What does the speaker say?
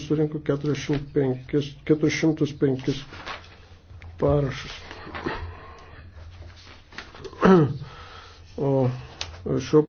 surinko 405, 405 parašus. O šiuo